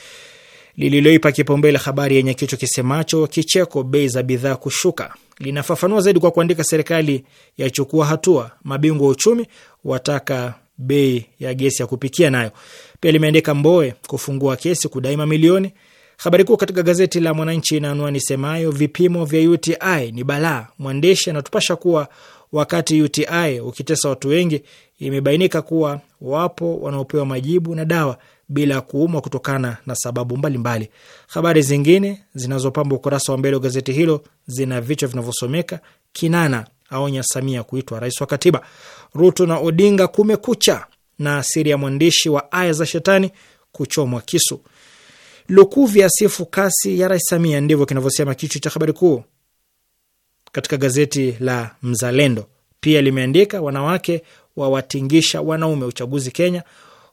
lililoipa kipaumbele habari yenye kichwa kisemacho kicheko bei za bidhaa kushuka. Linafafanua zaidi kwa kuandika, serikali yachukua hatua, mabingwa wa uchumi wataka bei ya gesi ya kupikia nayo. Pia limeandika Mboe kufungua kesi kudai mamilioni. Habari kuu katika gazeti la Mwananchi ina anwani semayo vipimo vya UTI ni balaa. Mwandishi anatupasha kuwa wakati UTI ukitesa watu wengi, imebainika kuwa wapo wanaopewa majibu na dawa bila kuumwa kutokana na sababu mbalimbali mbali. Habari zingine zinazopamba ukurasa wa mbele wa gazeti hilo zina vichwa vinavyosomeka Kinana aonya Samia kuitwa rais wa katiba, Ruto na Odinga kumekucha, na asiri ya mwandishi wa Aya za Shetani kuchomwa kisu. Lukuvi asifu kasi ya Rais Samia, ndivyo kinavyosema kichwa cha habari kuu katika gazeti la Mzalendo. Pia limeandika wanawake wawatingisha wanaume uchaguzi Kenya,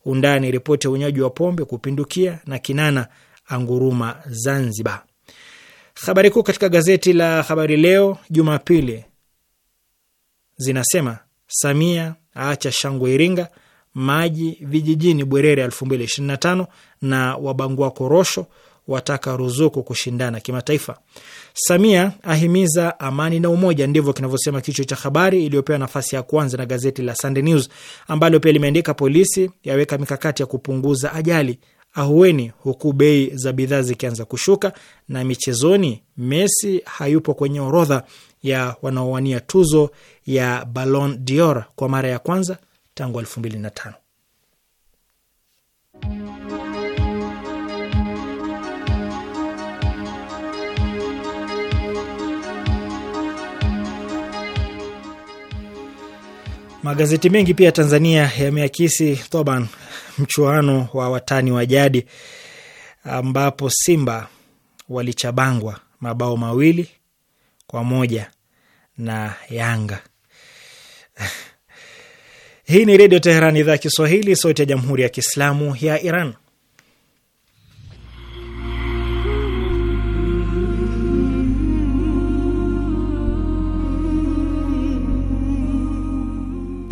undani ripoti ya unywaji wa pombe kupindukia na Kinana anguruma Zanzibar. Habari kuu katika gazeti la Habari Leo Jumapili zinasema Samia aacha shangwe Iringa, maji vijijini Bwerere 2025 na wabangua korosho wataka ruzuku kushindana kimataifa. Samia ahimiza amani na umoja, ndivyo kinavyosema kichwa cha habari iliyopewa nafasi ya kwanza na gazeti la Sunday News ambalo pia limeandika polisi yaweka mikakati ya kupunguza ajali ahueni, huku bei za bidhaa zikianza kushuka, na michezoni, Messi hayupo kwenye orodha ya wanaowania tuzo ya Ballon d'Or kwa mara ya kwanza tangu elfu mbili na tano. Magazeti mengi pia Tanzania yameakisi toban mchuano wa watani wa jadi ambapo Simba walichabangwa mabao mawili kwa moja na Yanga. Hii ni Redio Teheran, idhaa ya Kiswahili, sauti ya Jamhuri ya Kiislamu ya Iran.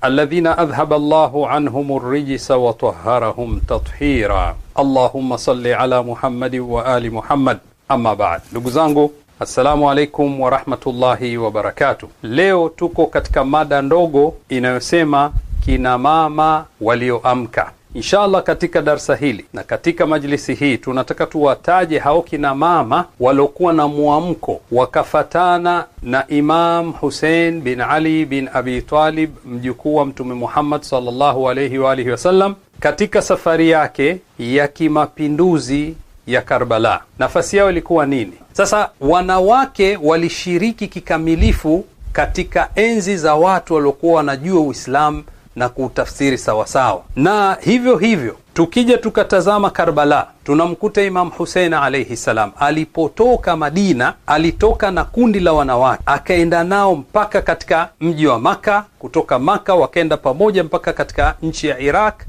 alladhina adhhaba Allahu anhum ar-rijsa wa tahharahum tathira. Allahumma salli ala Muhammad wa ali Muhammad. Amma ba'd, ndugu zangu, assalamu alaikum wa rahmatullahi wa barakatuh. Leo tuko katika mada ndogo inayosema kina mama walioamka allah katika darsa hili na katika majlisi hii tunataka tuwataje hao kina mama waliokuwa na mwamko wakafatana na Imam husein bin Ali bin Abi Talib, mjukuu wa Mtume Muhammad sallallahu alayhi wa alihi wasallam, katika safari yake ya kimapinduzi ya Karbala. Nafasi yao ilikuwa nini? Sasa wanawake walishiriki kikamilifu katika enzi za watu waliokuwa wanajua Uislamu na kuutafsiri sawasawa. Na hivyo hivyo tukija tukatazama Karbala, tunamkuta Imam Husein alaihi salam alipotoka Madina, alitoka na kundi la wanawake, akaenda nao mpaka katika mji wa Maka. Kutoka Maka wakaenda pamoja mpaka katika nchi ya Iraq.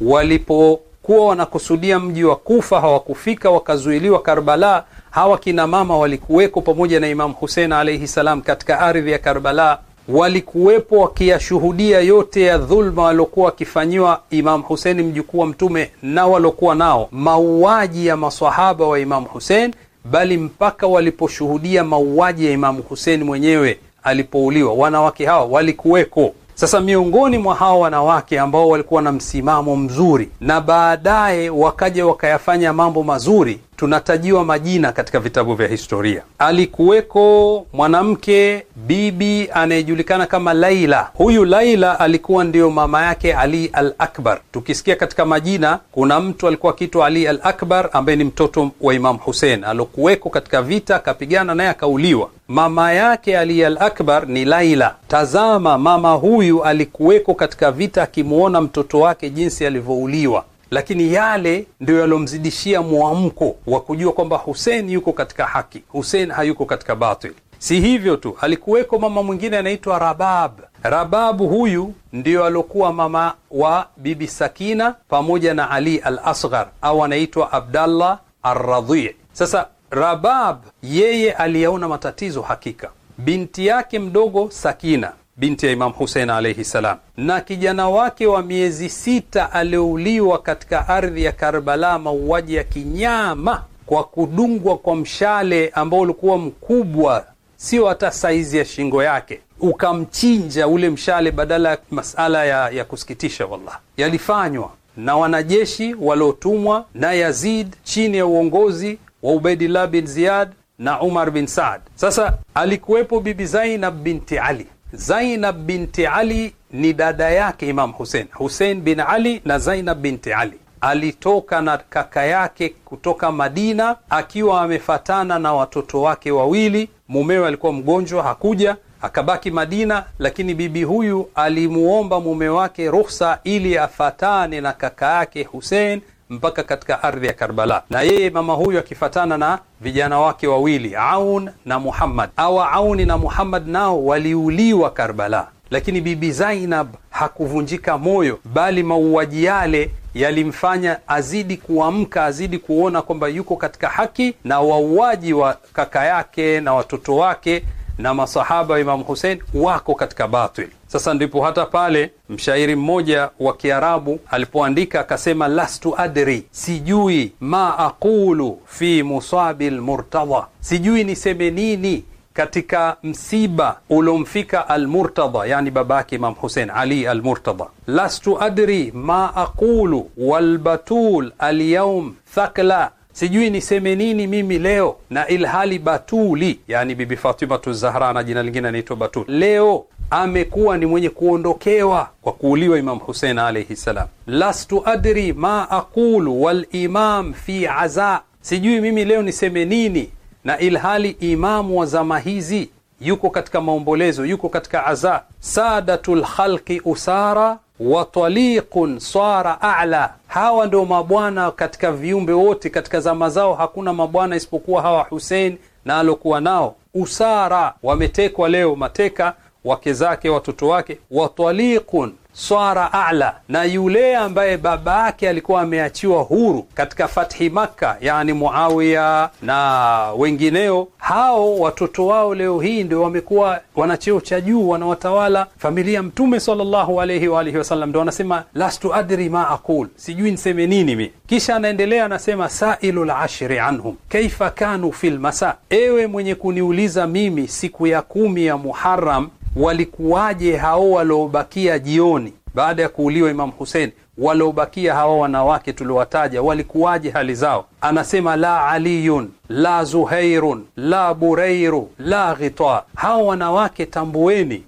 Walipokuwa wanakusudia mji wa Kufa hawakufika, wakazuiliwa Karbala. Hawa kinamama walikuweko pamoja na Imam Husein alaihi salam katika ardhi ya Karbala walikuwepo wakiyashuhudia yote ya dhulma waliokuwa wakifanyiwa Imamu Husein mjukuu wa Mtume na waliokuwa nao, mauaji ya masahaba wa Imamu Husein, bali mpaka waliposhuhudia mauaji ya Imamu Husein mwenyewe alipouliwa, wanawake hawa walikuweko. Sasa miongoni mwa hawa wanawake ambao walikuwa na msimamo mzuri na baadaye wakaja wakayafanya mambo mazuri tunatajiwa majina katika vitabu vya historia. Alikuweko mwanamke bibi anayejulikana kama Laila. Huyu Laila alikuwa ndiyo mama yake Ali al Akbar. Tukisikia katika majina, kuna mtu alikuwa akiitwa Ali al Akbar ambaye ni mtoto wa imam Husein, alokuweko katika vita, akapigana naye akauliwa. Mama yake Ali al Akbar ni Laila. Tazama, mama huyu alikuweko katika vita, akimwona mtoto wake jinsi alivyouliwa lakini yale ndio yalomzidishia mwamko wa kujua kwamba husen yuko katika haki, husen hayuko katika batil. Si hivyo tu, alikuweko mama mwingine anaitwa Rabab. Rababu huyu ndiyo alokuwa mama wa Bibi Sakina pamoja na Ali al Asghar, au anaitwa Abdallah Arradhi. Sasa Rabab yeye aliyaona matatizo hakika, binti yake mdogo Sakina binti ya Imam Husein alaihi salam, na kijana wake wa miezi sita aliouliwa katika ardhi ya Karbala, mauaji ya kinyama kwa kudungwa kwa mshale ambao ulikuwa mkubwa, sio hata saizi ya shingo yake, ukamchinja ule mshale. Badala ya masala ya, ya kusikitisha, wallah, yalifanywa na wanajeshi waliotumwa na Yazid chini ya uongozi wa Ubaidillah bin Ziyad na Umar bin Saad. Sasa alikuwepo Bibi Zainab binti Ali Zainab binti Ali ni dada yake Imam Hussein, Hussein bin Ali na Zainab binti Ali alitoka na kaka yake kutoka Madina akiwa amefatana na watoto wake wawili. Mumewe alikuwa mgonjwa, hakuja akabaki Madina, lakini bibi huyu alimuomba mume wake ruhusa ili afatane na kaka yake Hussein mpaka katika ardhi ya Karbala, na yeye mama huyu akifatana na vijana wake wawili Aun na Muhammad. Awa Auni na Muhammad nao waliuliwa Karbala, lakini Bibi Zainab hakuvunjika moyo, bali mauaji yale yalimfanya azidi kuamka, azidi kuona kwamba yuko katika haki, na wauaji wa kaka yake na watoto wake na masahaba wa Imamu Hussein wako katika batil. Sasa ndipo hata pale mshairi mmoja wa Kiarabu alipoandika akasema, lastu adri, sijui ma aqulu fi musabi lmurtada, sijui niseme nini katika msiba ulomfika Almurtada, yani babake Imam Husein Ali Almurtada. Lastu adri ma aqulu walbatul alyaum thakla sijui niseme nini mimi leo, na ilhali Batuli, yani Bibi Fatimatu Zahra na jina lingine anaitwa Batul, leo amekuwa ni mwenye kuondokewa kwa kuuliwa Imam Husein alaihi ssalam. Lastu adri ma aqulu walimam fi aza, sijui mimi leo niseme nini, na ilhali imamu wa zama hizi yuko katika maombolezo, yuko katika aza. Sadatu lkhalqi usara wa taliqun sara ala, hawa ndio mabwana katika viumbe wote. Katika zama zao hakuna mabwana isipokuwa hawa Husein na alokuwa nao. Usara wametekwa leo mateka wake zake, watoto wake. watalikun swara ala, na yule ambaye baba yake alikuwa ameachiwa huru katika fathi Makka, yani Muawiya na wengineo, hao watoto wao leo hii ndio wamekuwa wana cheo cha juu, wanawatawala familia Mtume sallallahu alayhi wa alihi wasallam, ndio wanasema lastu adri ma aqul, sijui niseme nini mi. Kisha anaendelea anasema, sailu lashri anhum kaifa kanu fi lmasa, ewe mwenye kuniuliza mimi siku ya kumi ya Muharram walikuwaje hao waliobakia jioni baada ya kuuliwa Imam Husein, waliobakia hawa wanawake tuliwataja walikuwaje hali zao? Anasema la aliyun la zuhairun la bureiru la ghita. Hawa wanawake tambueni,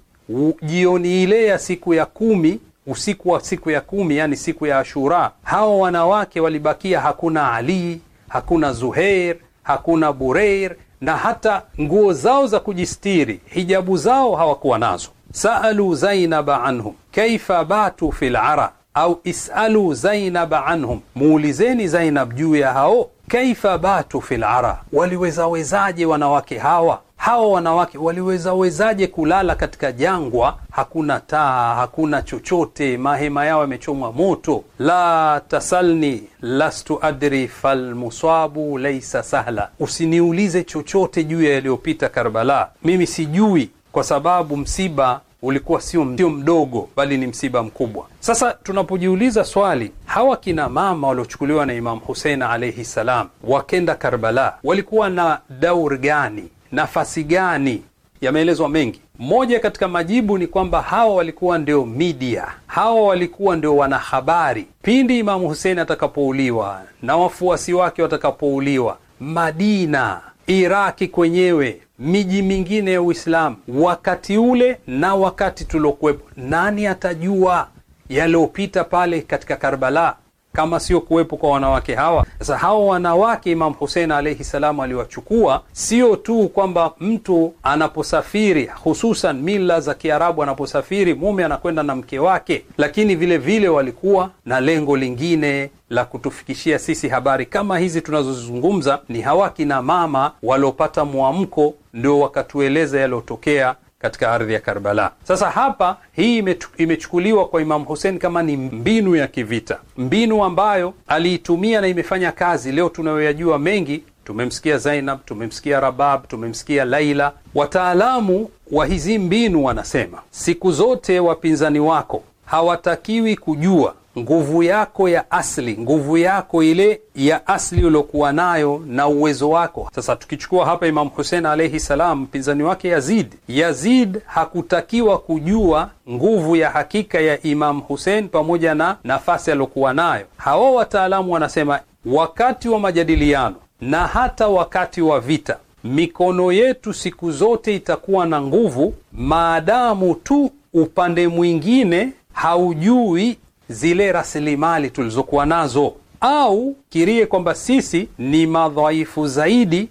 jioni ile ya siku ya kumi, usiku wa siku ya kumi, yani siku ya Ashura, hawa wanawake walibakia, hakuna Ali, hakuna Zuhair, hakuna Bureir na hata nguo zao za kujistiri, hijabu zao hawakuwa nazo. Saalu Zainaba anhum kaifa batu fi lara au isalu Zainaba anhum, muulizeni Zainab juu ya hao kaifa batu fi lara waliwezawezaje wanawake hawa hawa wanawake waliwezawezaje kulala katika jangwa? Hakuna taa, hakuna chochote, mahema yao yamechomwa moto. La tasalni lastu adri falmusabu laisa sahla, usiniulize chochote juu ya yaliyopita Karbala, mimi sijui, kwa sababu msiba ulikuwa sio mdogo, bali ni msiba mkubwa. Sasa tunapojiuliza swali, hawa kina mama waliochukuliwa na Imam Husein alaihi ssalam wakenda Karbala walikuwa na daur gani, nafasi gani? Yameelezwa mengi. Moja katika majibu ni kwamba hawa walikuwa ndio media, hawa walikuwa ndio wanahabari. Pindi Imamu Husein atakapouliwa na wafuasi wake watakapouliwa Madina, Iraki kwenyewe miji mingine ya Uislamu wakati ule na wakati tuliokuwepo. Nani atajua yaliyopita pale katika Karbala? kama sio kuwepo kwa wanawake hawa. Sasa hawa wanawake Imam Husein alaihi salam aliwachukua, sio tu kwamba mtu anaposafiri, hususan mila za Kiarabu, anaposafiri mume anakwenda na mke wake, lakini vile vile walikuwa na lengo lingine la kutufikishia sisi habari kama hizi tunazozizungumza. Ni hawa kina mama waliopata mwamko, ndio wakatueleza yaliyotokea katika ardhi ya Karbala. Sasa hapa hii imechukuliwa kwa Imamu husen kama ni mbinu ya kivita, mbinu ambayo aliitumia na imefanya kazi. Leo tunayoyajua mengi, tumemsikia Zainab, tumemsikia Rabab, tumemsikia Laila. Wataalamu wa hizi mbinu wanasema siku zote wapinzani wako hawatakiwi kujua nguvu yako ya asli, nguvu yako ile ya asli uliokuwa nayo na uwezo wako. Sasa tukichukua hapa Imam Hussein alayhi salam, mpinzani wake Yazid, Yazid hakutakiwa kujua nguvu ya hakika ya Imam Hussein pamoja na nafasi aliyokuwa nayo. Hawa wataalamu wanasema wakati wa majadiliano na hata wakati wa vita, mikono yetu siku zote itakuwa na nguvu maadamu tu upande mwingine haujui zile rasilimali tulizokuwa nazo, au kirie kwamba sisi ni madhaifu zaidi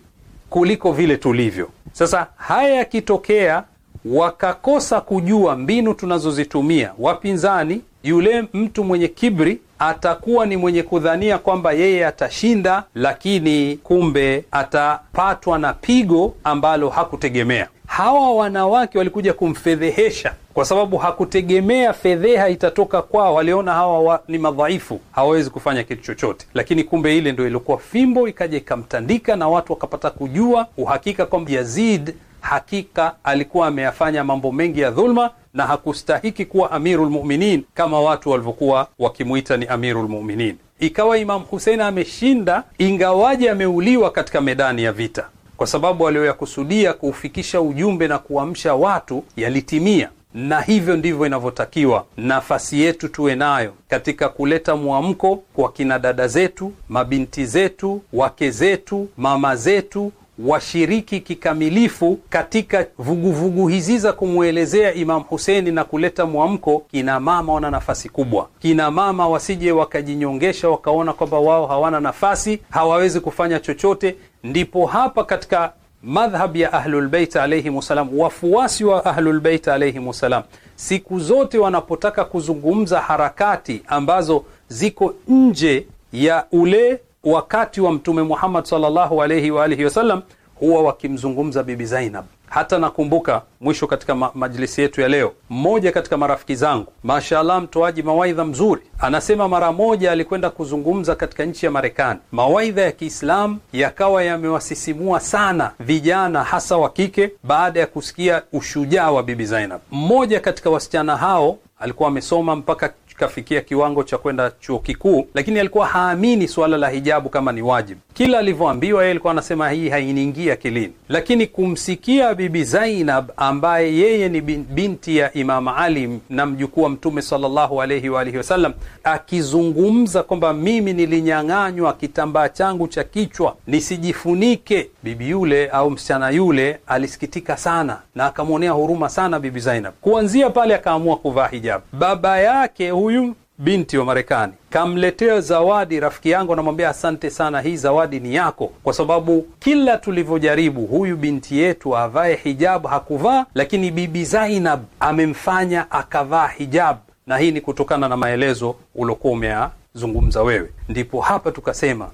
kuliko vile tulivyo. Sasa haya yakitokea, wakakosa kujua mbinu tunazozitumia wapinzani, yule mtu mwenye kibri atakuwa ni mwenye kudhania kwamba yeye atashinda, lakini kumbe atapatwa na pigo ambalo hakutegemea hawa wanawake walikuja kumfedhehesha kwa sababu hakutegemea fedheha itatoka kwao. Waliona hawa wa, ni madhaifu, hawawezi kufanya kitu chochote, lakini kumbe ile ndo ilikuwa fimbo, ikaja ikamtandika, na watu wakapata kujua uhakika kwamba Yazid hakika alikuwa ameyafanya mambo mengi ya dhulma na hakustahiki kuwa amirulmuminin kama watu walivyokuwa wakimwita ni amirulmuminin Ikawa Imam Husein ameshinda, ingawaje ameuliwa katika medani ya vita kwa sababu aliyoyakusudia kuufikisha ujumbe na kuamsha watu yalitimia, na hivyo ndivyo inavyotakiwa. Nafasi yetu tuwe nayo katika kuleta mwamko kwa kina dada zetu, mabinti zetu, wake zetu, mama zetu washiriki kikamilifu katika vuguvugu hizi za kumwelezea Imam Huseni na kuleta mwamko. Kina mama wana nafasi kubwa. Kina mama wasije wakajinyongesha, wakaona kwamba wao hawana nafasi, hawawezi kufanya chochote. Ndipo hapa katika madhhab ya Ahlulbeit alaihim wassalam, wafuasi wa Ahlulbeit alaihim wassalam, siku zote wanapotaka kuzungumza harakati ambazo ziko nje ya ule wakati wa Mtume Muhammad sallallahu alayhi wa alihi wasallam huwa wakimzungumza Bibi Zainab. Hata nakumbuka mwisho katika ma majlisi yetu ya leo, mmoja katika marafiki zangu, mashallah, mtoaji mawaidha mzuri, anasema mara moja alikwenda kuzungumza katika nchi ya Marekani. Mawaidha ya Kiislamu yakawa yamewasisimua sana vijana, hasa wa kike, baada ya kusikia ushujaa wa Bibi Zainab. Mmoja katika wasichana hao alikuwa amesoma mpaka kafikia kiwango cha kwenda chuo kikuu, lakini alikuwa haamini suala la hijabu kama ni wajibu. Kila alivyoambiwa yeye alikuwa anasema hii hainiingia akilini, lakini kumsikia Bibi Zainab ambaye yeye ni binti ya Imam Ali na mjukuu wa Mtume sallallahu alaihi wa alihi wasallam akizungumza kwamba mimi nilinyang'anywa kitambaa changu cha kichwa nisijifunike, bibi yule au msichana yule alisikitika sana na akamwonea huruma sana Bibi Zainab. Kuanzia pale akaamua kuvaa hijabu. Baba yake huyu huyu binti wa Marekani kamletea zawadi rafiki yangu, anamwambia asante sana, hii zawadi ni yako, kwa sababu kila tulivyojaribu huyu binti yetu avae hijabu hakuvaa, lakini Bibi Zainab amemfanya akavaa hijabu, na hii ni kutokana na maelezo uliokuwa umeyazungumza wewe. Ndipo hapa tukasema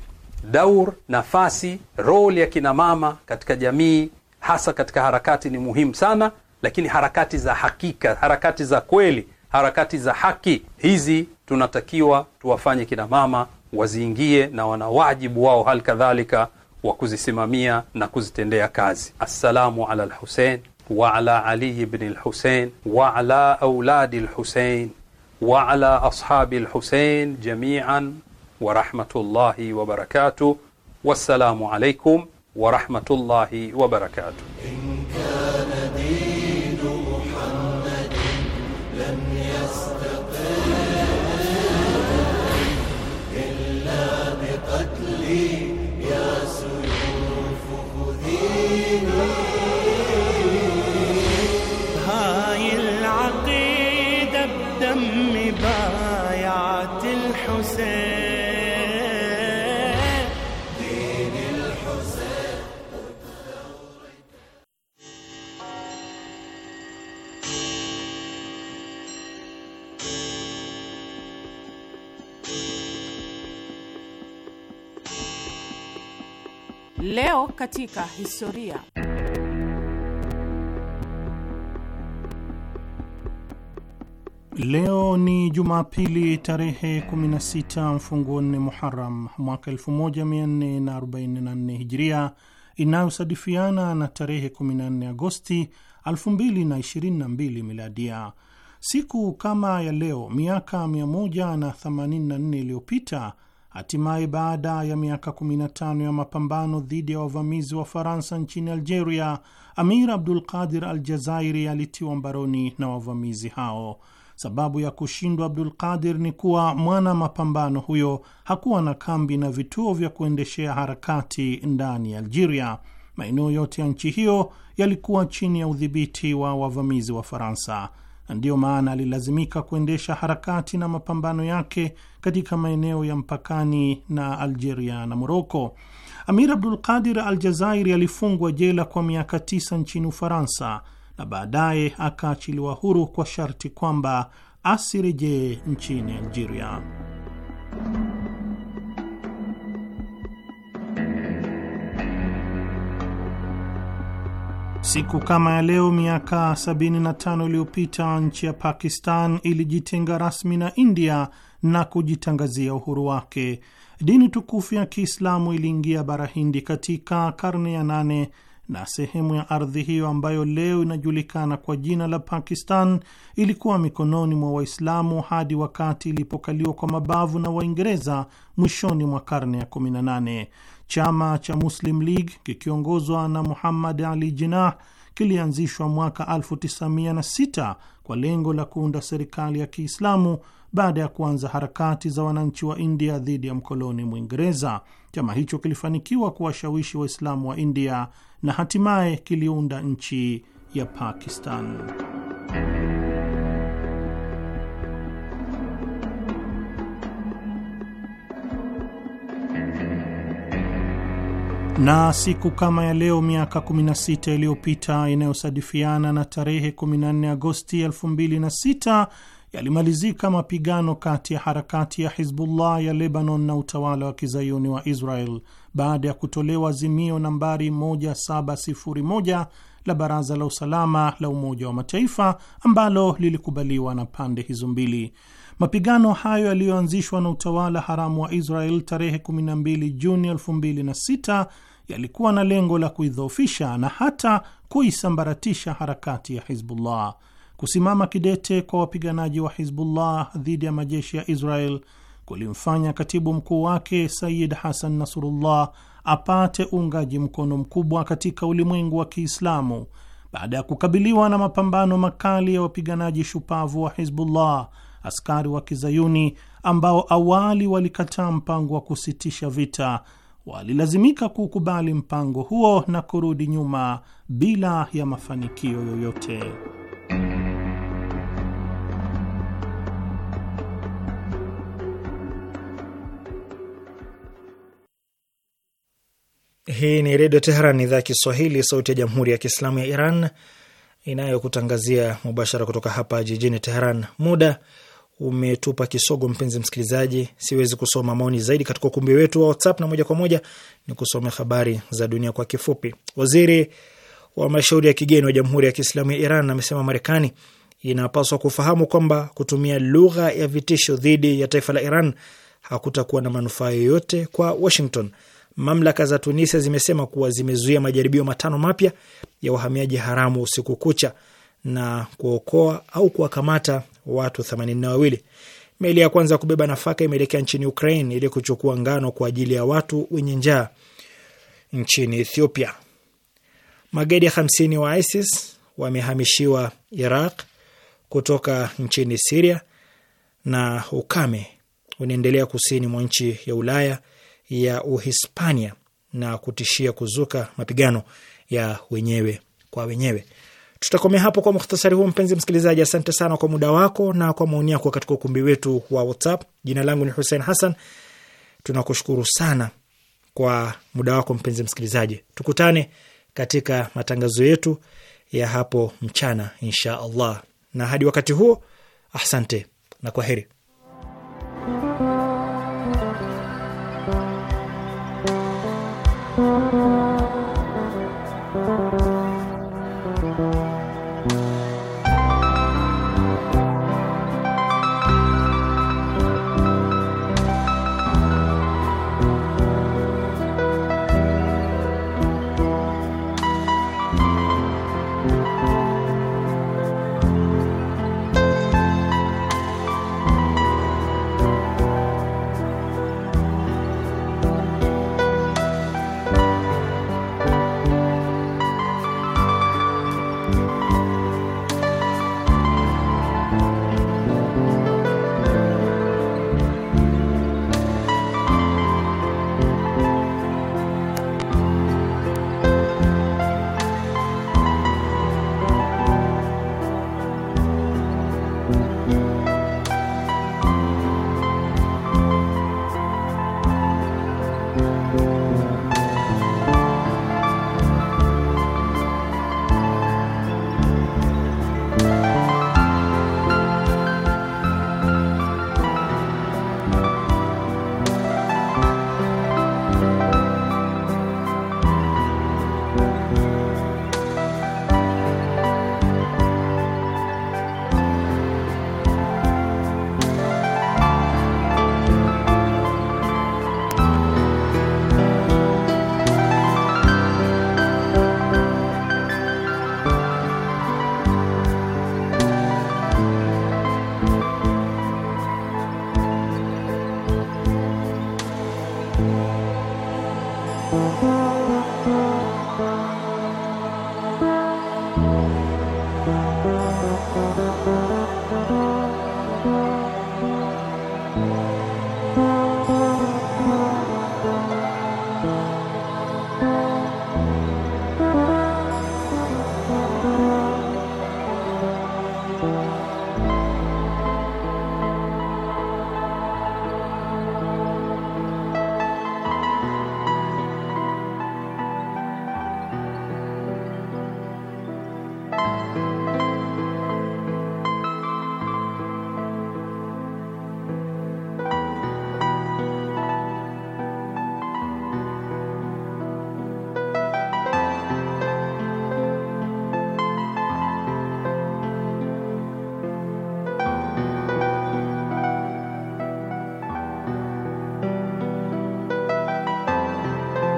daur, nafasi, role ya kinamama katika jamii, hasa katika harakati ni muhimu sana, lakini harakati za hakika, harakati za kweli harakati za haki hizi tunatakiwa tuwafanye kina mama waziingie, na wana wajibu wao hali kadhalika wa kuzisimamia na kuzitendea kazi. Assalamu ala lhusein wa ala aliyi bni lhusein wa ala auladi lhusein wa ala ashabi lhusein jamian wa rahmatullahi Wassalamu alaikum wa rahmatullahi Leo katika historia. Leo ni Jumapili tarehe 16 mfunguo nne Muharam mwaka 1444 Hijiria, inayosadifiana na tarehe 14 Agosti 2022 Miladia. Siku kama ya leo miaka 184 iliyopita Hatimaye, baada ya miaka 15 ya mapambano dhidi ya wavamizi wa Faransa nchini Algeria, Amir Abdul Qadir al Jazairi alitiwa mbaroni na wavamizi hao. Sababu ya kushindwa Abdul Qadir ni kuwa mwana mapambano huyo hakuwa na kambi na vituo vya kuendeshea harakati ndani ya Algeria. Maeneo yote ya nchi hiyo yalikuwa chini ya udhibiti wa wavamizi wa Faransa na ndiyo maana alilazimika kuendesha harakati na mapambano yake katika maeneo ya mpakani na Algeria na Moroko. Amir Abdul Qadir al Jazairi alifungwa jela kwa miaka tisa nchini Ufaransa na baadaye akaachiliwa huru kwa sharti kwamba asirejee nchini Algeria. Siku kama ya leo miaka 75 iliyopita nchi ya Pakistan ilijitenga rasmi na India na kujitangazia uhuru wake. Dini tukufu ya Kiislamu iliingia bara Hindi katika karne ya nane na sehemu ya ardhi hiyo ambayo leo inajulikana kwa jina la Pakistan ilikuwa mikononi mwa Waislamu hadi wakati ilipokaliwa kwa mabavu na Waingereza mwishoni mwa karne ya 18. Chama cha Muslim League kikiongozwa na Muhammad Ali Jinah kilianzishwa mwaka 1906 kwa lengo la kuunda serikali ya Kiislamu baada ya kuanza harakati za wananchi wa India dhidi ya mkoloni Mwingereza. Chama hicho kilifanikiwa kuwashawishi Waislamu wa India na hatimaye kiliunda nchi ya Pakistan. Na siku kama ya leo miaka 16 iliyopita inayosadifiana na tarehe 14 Agosti 2006 yalimalizika mapigano kati ya harakati ya Hizbullah ya Lebanon na utawala wa kizayuni wa Israel baada ya kutolewa azimio nambari 1701 la Baraza la Usalama la Umoja wa Mataifa ambalo lilikubaliwa na pande hizo mbili. Mapigano hayo yaliyoanzishwa na utawala haramu wa Israel tarehe 12 Juni 2006 yalikuwa na lengo la kuidhoofisha na hata kuisambaratisha harakati ya Hizbullah. Kusimama kidete kwa wapiganaji wa Hizbullah dhidi ya majeshi ya Israel kulimfanya katibu mkuu wake Sayid Hasan Nasrullah apate uungaji mkono mkubwa katika ulimwengu wa Kiislamu baada ya kukabiliwa na mapambano makali ya wapiganaji shupavu wa Hizbullah askari wa kizayuni ambao awali walikataa mpango wa kusitisha vita walilazimika kuukubali mpango huo na kurudi nyuma bila ya mafanikio yoyote. Hii ni Redio Teheran, idhaa ya Kiswahili, sauti ya Jamhuri ya Kiislamu ya Iran inayokutangazia mubashara kutoka hapa jijini Teheran. Muda umetupa kisogo, mpenzi msikilizaji, siwezi kusoma maoni zaidi katika ukumbi wetu wa WhatsApp, na moja kwa moja ni kusome habari za dunia kwa kifupi. Waziri wa mashauri ya kigeni wa Jamhuri ya Kiislamu ya Iran amesema Marekani inapaswa kufahamu kwamba kutumia lugha ya vitisho dhidi ya taifa la Iran hakutakuwa na manufaa yoyote kwa Washington. Mamlaka za Tunisia zimesema kuwa zimezuia majaribio matano mapya ya wahamiaji haramu usiku kucha na kuokoa au kuwakamata watu 82. wawili. Meli ya kwanza ya kubeba nafaka imeelekea nchini Ukraine ili kuchukua ngano kwa ajili ya watu wenye njaa nchini Ethiopia. Magaidi 50 wa ISIS wamehamishiwa Iraq kutoka nchini Siria na ukame unaendelea kusini mwa nchi ya Ulaya ya Uhispania na kutishia kuzuka mapigano ya wenyewe kwa wenyewe. Tutakomea hapo kwa muhtasari huo. Mpenzi msikilizaji, asante sana kwa muda wako na kwa maoni yako katika ukumbi wetu wa WhatsApp. Jina langu ni Hussein Hassan, tunakushukuru sana kwa muda wako mpenzi msikilizaji, tukutane katika matangazo yetu ya hapo mchana insha Allah, na hadi wakati huo, asante na kwa heri